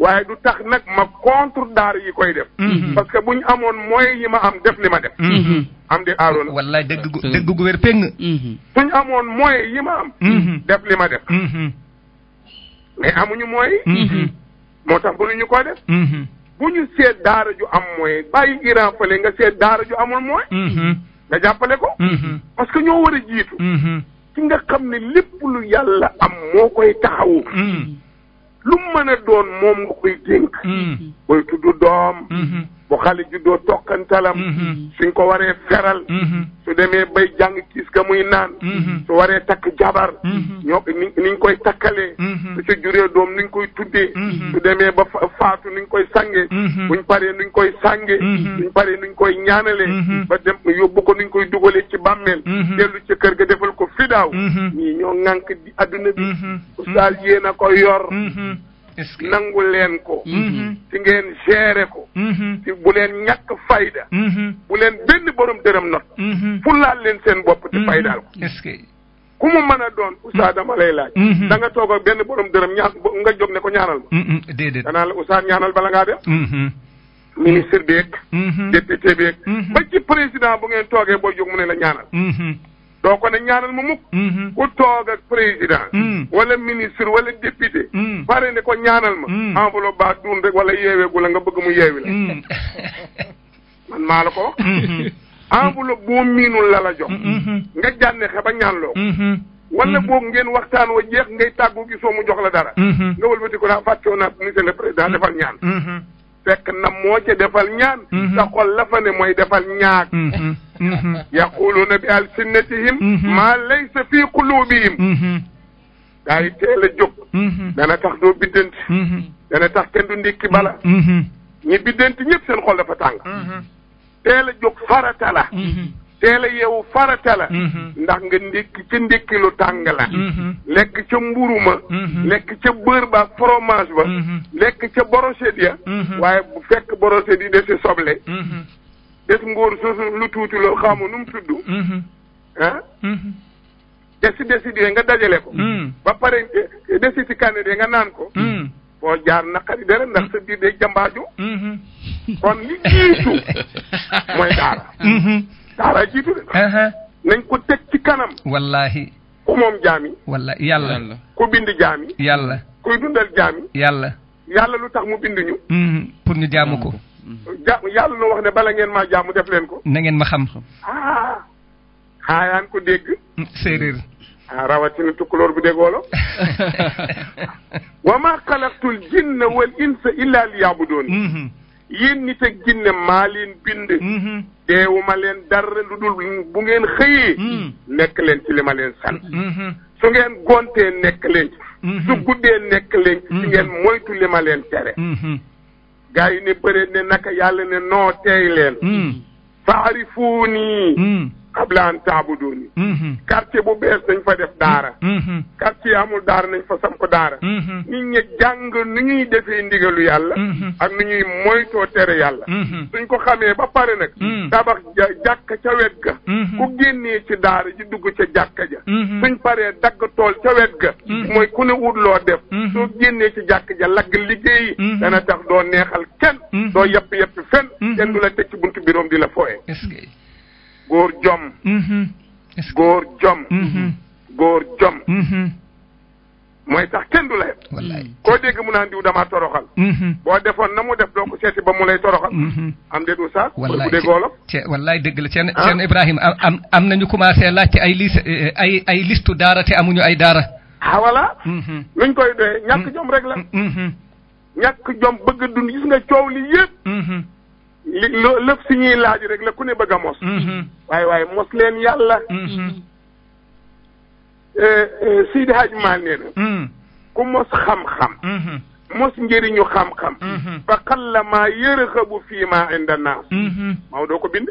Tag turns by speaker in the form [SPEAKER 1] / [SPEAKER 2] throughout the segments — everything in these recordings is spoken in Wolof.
[SPEAKER 1] waaye du tax nag ma contre daar yi koy def. Mhm. Mhm. parce que bu ñu amoon mooy yi ma am def li ma def. am di aaroon. wallaay dëgg gu dëgg ñu amoon moyens yi ma am. def li ma amuñu moyens. Mhm. moo tax ko def. bu seet daara ju am moyen bàyyi Iran fële nga seet daara ju amoon moyen. nga jàppale ko. parce que ñoo war a jiitu. ki nga xam ne lépp lu yàlla am moo koy taxawu. lu mu mën a doon moom nga koy dénk. booy mm. doom. Mm-hmm. bu xale juddoo tokkantalam mm-hmm. su ñu ko waree feral mm-hmm. su demee bay jàng kiis ka muy naan mm-hmm. su waree takk jabar ñoo ni koy takkalee su ci doom ni koy tuddee su demee ba faatu ni ñu koy sàngee buñ paree ni koy sange buñ paree ni koy ñaanalee ba dem yóbbu ko ni koy dugalee ci bàmmeel dellu ci kër ga defal ko fidaaw ñii ñoo ŋànk di adduna bi ustaas yéen a ko yor nangu leen ko mm-hmm. ci ngeen géré ko mm-hmm. ci bu leen ñàkk fayda mm-hmm. bu leen benn borom dërëm not fu laal leen seen bopp te faydaal ko ku mu man a doon oustaz dama lay laaj da nga toog ak benn borom dërëm ñaa nga jóg ne ko ñaanal
[SPEAKER 2] ma déedéet
[SPEAKER 1] danaa la oustaz ñaanal bala ngaa def ministre beeg député beeg ba ci président bu ngeen toogee boo jóg mu ne la ñaanal doo ko ne ñaanal ma mukk mm-hmm. ku toog ak président mm. wala ministre wala député mm. pare ne ko ñaanal ma mm. enveloppe baa duun rek wala yeeweegu la nga bëgg mu yeewi la man maa la ko wax mm-hmm. enveloppe boo miinul la la jox mm-hmm. nga jànne xe ba ñaanloo ko wala boog ngeen waxtaan wa jeex ngay tàggu gi soo mu jox la dara nga wëlbati ko naa fàccoo naa monsieur président defal ñaan fekk na moo ca defal ñaan sa xol la fa ne mooy defal ñaak Mm-hmm. yaquluuna bi alsinnatihim maa mm-hmm. laysa fii quluubihim mm-hmm. daa yi teel a jóg dana tax doo biddanti dana tax kenn du ndikki bala ñi biddanti ñëpp seen xol dafa tàng teel a jóg farata la teel a yeewu farata la ndax nga ndékki ca ndékki tàng la lekk ca mburu lekk ca beurre ba fromage ba lekk ca brochette ya waaye bu fekk brochette yi dese soble des ngóor soosu lu tuuti loo xamu nu mu tudd. ah. Mm-hmm. Mm-hmm. desi desi de nga dajale ko. Mm. ba pare eh, desi si kànn de nga naan ko. Mm. boo jaar naqari dara ndax mm. sa biir day jàmbaaju. Mm-hmm. kon li jiitu mooy daara. daara jiitu de. Uh-huh. nañ ko teg ci kanam. wallaahi. ku moom jaami. wallaahi yàlla. ku bind jaami. yàlla. kuy dundal jaami. yàlla. yàlla lu tax mu bind ñu.
[SPEAKER 2] pour ñu jaamu ko.
[SPEAKER 1] ja yàlla na wax ne bala ngeen maa jaamu def leen ko.
[SPEAKER 2] na ngeen ma xam. ah ko dégg. Mm, séeréer. Ah,
[SPEAKER 1] rawatina tukkulóor bu dégg wolof. wa maa xalaqtul jinna wal insa illa liyaabudoon. Mm-hmm. yéen nit ak jinne maa bind. Mm-hmm. deewuma leen dara lu dul bu ngeen xëyee. Mm. nekk leen ci li ma leen sant. Mm-hmm. su ngeen gontee nekk leen ci. su guddee nekk leen ci. ngeen moytu li ma leen tere. gaa yi ne bëre ne naka yàlla ne noo teey leen hmm. faarifuuni hmm. qabla an taabuduni mm-hmm. quartier bu bees dañ fa def daara mm-hmm. quartier amul daara nañ fa samp daara mm-hmm. nit ñi jàng nu ñuy defee ndigalu yàlla ak nu ñuy moytoo tere yàlla suñ ko xamee ba pare nag tabax ja jàkka ca wet ga ku génnee ci daara ji dugg ca jàkka ja suñ paree dagg tool ca wet ga mooy ku ne wut loo def soo génnee ci jàkka ja lagg liggéeyi dana tax doo neexal kenn doo yepp yepp fenn kenn du la tëj ci buntu biroom di la fooye góor jom. Mm-hmm. góor jom. Mm-hmm. góor jom. Mm-hmm. mooy tax kenn du la ko mm. koo dégg mu naan diw damaa toroxal. boo defoon na mu def doo ko seeti ba mu lay toroxal. am déet Oustaz. wallaay
[SPEAKER 2] cee wallaay dëgg la seen ah. am am nañu commencé laajte ay lis eh, ay ay listu daara te amuñu ay daara. ah voilà.
[SPEAKER 1] luñ koy doyee ñàkk jom rek la. jom bëgg dund gis nga coow li yëpp. li loo lépp si laaj rek la ku ne bëgg a mos. waaye mm-hmm. waaye mos leen yàlla. Sidi Hadj Mal nee na. ku mos xam-xam. mos njëriñu xam-xam. fa xallamaa yërëxabu fii maa inda naas. Maodo ko bind.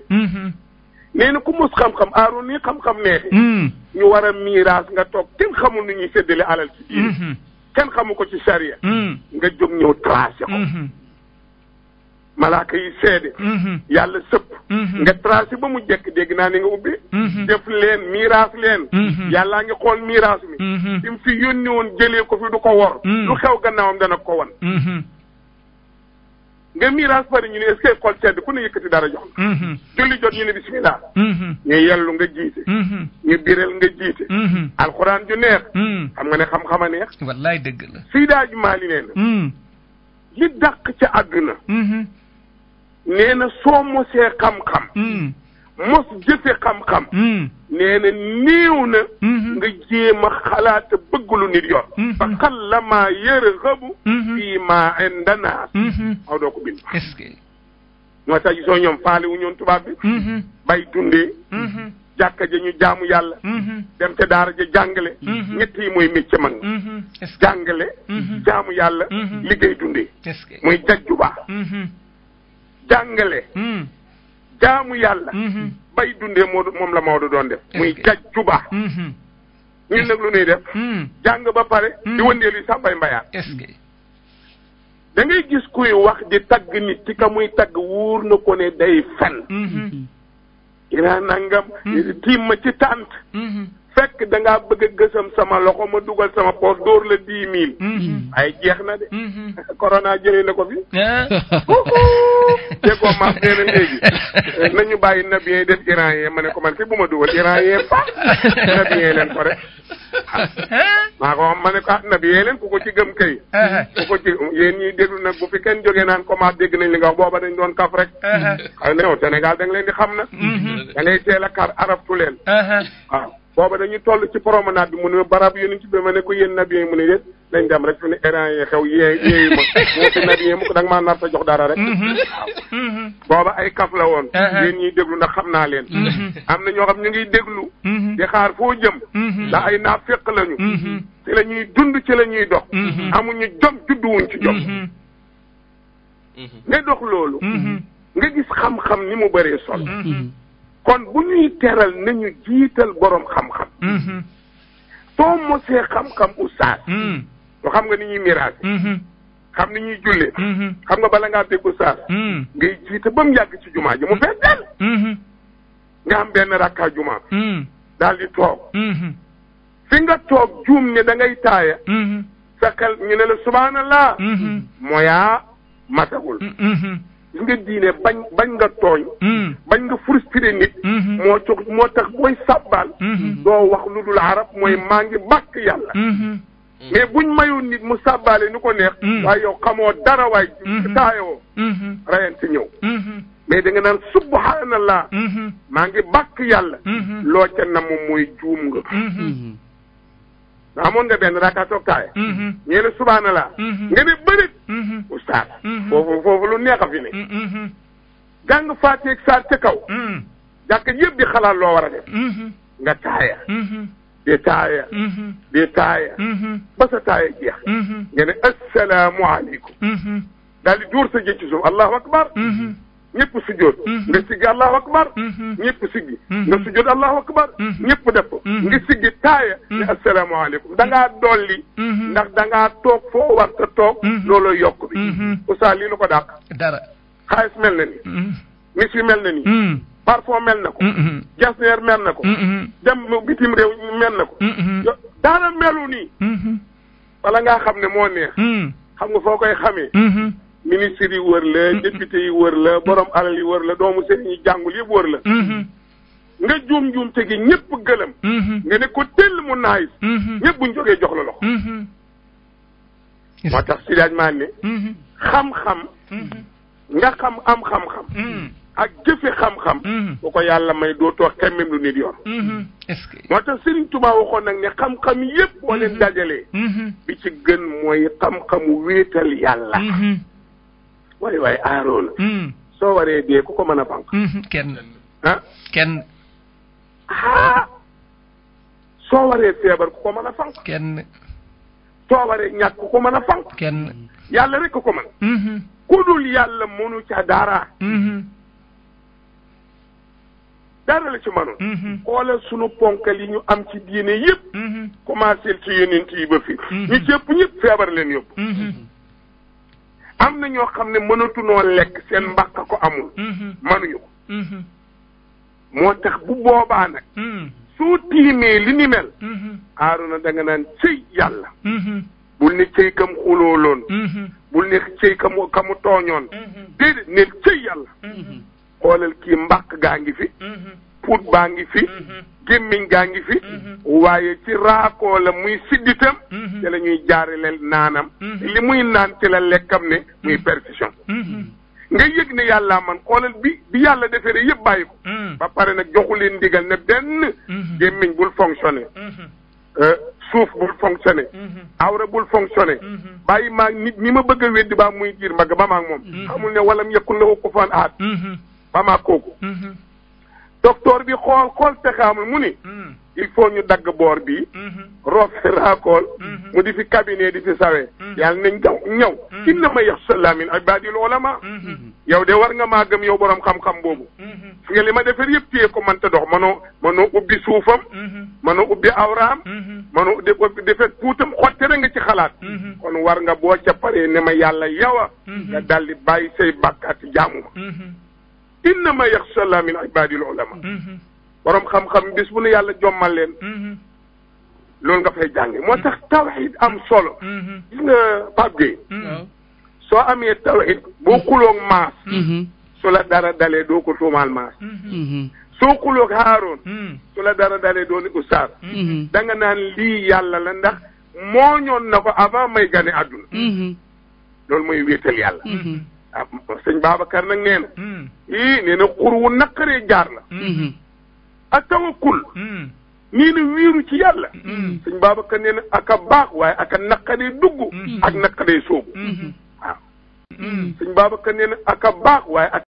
[SPEAKER 1] nee na ku mos xam-xam aaru nii xam-xam
[SPEAKER 2] neexee.
[SPEAKER 1] ñu war a miiraas nga toog kenn xamul nu ñuy séddale alal ci diir. Mm-hmm. kenn xamu ko ci sariya. Mm. nga jóg ñëw tracé ko. Mm-hmm. malaaka yi seede mhm. yàlla sëpp mhm. nga tracé ba mu jekk dégg naa ni nga ubbi mhm. def leen miiraas leen yàllaa ngi xool miiraas mi im fi yónni woon jëlee ko fi du ko wor lu xew gannaawam dana ko wan nga miiraas bari ñu ne est-ce que xool sedd ku ne yëkkati dara jox jot ñu bismillah
[SPEAKER 2] ñu
[SPEAKER 1] yellu nga jiite ñu biral nga jiite alxuraan ju neex xam nga ne xam-xam a neex wallaay dëgg la siy daaju maali nee li dàq ca àdduna nee na soo mosee xam-xam mm. mos jëfe xam-xam mm. nee na néew mm-hmm. na nga jéem a xalaata bëgg lu nit yor mm-hmm. fa xallamaa mm-hmm. fii maa indana aw doo ko bind est-ce que ñoom faale wu ñoon tubaab bi bay dundee jàkka ja ñu jaamu yàlla dem ca daara ja jàngale ñett mooy mécc mag jàngale jaamu yàlla liggéey dundee mooy jajju baax jàngale. Hmm. jaamu yàlla. Hmm. bay dundee moo moom la Maodo doon def. muy caj juba. Hmm. ñun nag lu nuy def. jàng ba pare. di wëndeelu sàmbay mbayaat. est-ce que. gis kuy wax di tagg nit ci ka muy tagg wóor na ko ne day fen. dinaa nangam. tiim ma ci tànt. fekk danga bëgg a gësam sama loxo ma dugal sama poos dóor la dix mille. ay jeex na de. corona jëlee na ko fi. Eh? déggoo maam nee na léegi nañu bàyyi nabiyen def iran yee ma ne ko man fi bu ma dugal iran yee fa nabiyen leen ko rek maa ko ma ne ko ah nabiyen leen ku ko ci gëm kay ku ko ci yéen ñuy déglu nag bu fi kenn jógee naan commence dégg nañ li nga wax booba dañ doon kaf rek xaw na Sénégal da nga leen di xam na da ngay teel a kar arabtu leen booba dañu toll ci promenade mu ne barab yéen ci bi ma ne ko yéen nabiyen mu ne déet nañ dem rek fi ne éran yi xew yee ma moo fi yee mu ko da nga maa jox dara rek. Mm-hmm. Mm-hmm. booba ay kaf la woon. Eh, eh. yéen ñiy déglu ndax xam naa leen. Mm-hmm. am na ñoo xam ñu ngi déglu. di xaar foo jëm. ndax ay naaf fekk lañu. ci la ñuy dund ci la dox. amuñu jom judduwuñ ci jom. nga dox loolu. nga gis xam-xam ni mu bëree sol kon bu ñuy teral nañu jiital borom
[SPEAKER 2] xam-xam.
[SPEAKER 1] soo mosee xam-xam oustaz. Mm. mu xam nga ni ñuy miraas. Mm-hmm. xam ni ñuy jullee. Mm-hmm. xam nga bala ngaa déglu saar. Mm. ngay jiite ba mu yàgg ci jumaa ji mu fees dell. Mm-hmm. nga am benn rakka jumaa. Mm. daal di toog. fi nga toog juum ne da ngay sa xel ñu ne la subhanallah. mooyaa matagul. li nga diine bañ bañ nga tooñ. Mm. bañ nga frustré nit. moo coog moo tax booy sàbbaal. doo wax lu dul arab mooy maa ngi bàkk yàlla. Mm. mais buñ mayoon nit mu sàbbaale ni ko neex. Mm. waaye yow xamoo dara waay. taayoo. Mm-hmm. Mm-hmm. rayante ñëw. Mm-hmm. mais da nga naan subhanallah. maa ngi bàkk yàlla. loo ca nam mooy juum nga. amoon nga benn raaka toog taaya. ñu ne subhanallah. nga ne bërit. foofu lu neex a fi ne. jàng fàtteeg saar ca kaw. Mm. jàkk yëpp di xalaat loo war a def.
[SPEAKER 2] nga taaya. di taaya mm-hmm.
[SPEAKER 1] di taaya mm-hmm. ba sa taaya jeex mm-hmm. nga ne assalaamu aleykum di dóor sa jëcc suuf allahu akbar ñëpp sujjoot nga siggi allahu akbar ñëpp siggi allahu akbar ñëpp def nga siggi taaya ne assalaamu aleykum da ngaa dolli ndax da ngaa toog foo war ta bi usaa lii ko dàq dara mel na ni mis bi mel na ni parfum mel na ko. Mm-hmm. jasneer mel na ko. Mm-hmm. dem bitim réew mel na ko. Mm-hmm. daana melu nii. bala ngaa xam ne moo neex. Mm. xam nga foo koy xamee. ministre yi wër la député yi wër la borom alal yi wër la doomu seen yi jàngul yëpp wër la. nga juum juum te gi ñëpp gëlëm. nga ne ko tell mu naay. ñëpp buñ jógee jox la loxo. moo tax si daaj maa ne. xam-xam. nga xam am xam-xam. Mm. ak jëfe xam-xam mhm. boo ko yàlla may dootoo xemmem lu nit yor mhm. moo tax Sëriñ Tuubaa waxoon nag ne xam-xam yépp boo leen mhm. dajalee bi ci gën mooy xam-xamu wéetal yàlla waay waay aaroon soo waree dee ku ko mën a bank kenn ah kenn ah ko man a fanq kenn soo waree ñàkk ku ko mën a fanq kenn yàlla rek ku ko mën ku dul yàlla mënu ca dara dara la ci mënoon mhm. xoolal sunu ponkal yi ñu am ci diine yëpp mhm. commencé ci yonent yi ba fi ñu jëpp ñëpp feebar leen yóbbu mhm. am na ñoo xam ne mënatunoo lekk seen mbàq ko amul mënuñu ko moo tax bu boobaa nag soo tiimee li ni mel aaruna naan cëy yàlla bul ne cëy kam xulooloon bul ne cëy kamu kamu tooñoon déedéet ne cëy yàlla xoolal kii mbàq gaa ngi fi
[SPEAKER 2] mm-hmm. puut
[SPEAKER 1] baa ngi fi mm-hmm. gémmiñ gaa ngi fi mm-hmm. waaye ci raakoo la muy sidditam ci la ñuy jaarale naanam li muy naan ci la lekkam ne muy perfusion nga yëg ne yàlla man xoolal bi bi yàlla defere yëpp bàyyi ko mm. ba pare nag joxu leen ndigal ne benn gémmiñ bul fonctionné euh, suuf bul fonctionné awra bul fonctionné bàyyi maa nit ñi ma bëgg a weddi baa muy jiir mbagg ba maag moom xamul ne walam yëkkul la ko kufaan aat mama kooku mm-hmm. docteur bi xool xool pexaamul mu ni mm. il faut ñu dagg boor bi mm-hmm. roof fi raakool mm-hmm. mu di fi cabinet di fi sawee yàlla nañ gaw ñëw inna ma yax salla min ibadil ulama yow de war nga maa yow borom xam-xam boobu fi nga li ma defar yëpp téye ko mënta dox manoo manoo ubbi suufam manoo ubbi awraam manoo defar tuutam xotte nga ci xalaat kon war nga boo ca paree ne ma yàlla yow a nga daldi bàyyi say bàkkaat jaamu innama yaxsha allah min ibadil ulama mhm. borom xam-xam bis bu nu yàlla jommal leen mhm. loolu nga fay jànge moo tax tawxid am solo mhm. gis nga soo amee tawxid boo xuloog maas su la dara dalee doo ko tuumaal maas soo xuloog haaroon su la dara dalee doo ni ustaar da nga naan lii yàlla la ndax moo ñoon na ko avant may gane àdduna loolu mooy wéetal yàlla ah sëñ Babacar nag na. Hmm. ii nee na xur wu naqaree jaar la. Hmm. Mhm. ak tawakkul. Hmm. nee na wiiru ci yàlla. sëñ Babacar nee na ak a baax waaye ak a naqaree dugg. ak naqaree soobu. waaw. Ah. sëñ Babacar nee na ak a baax waaye ak.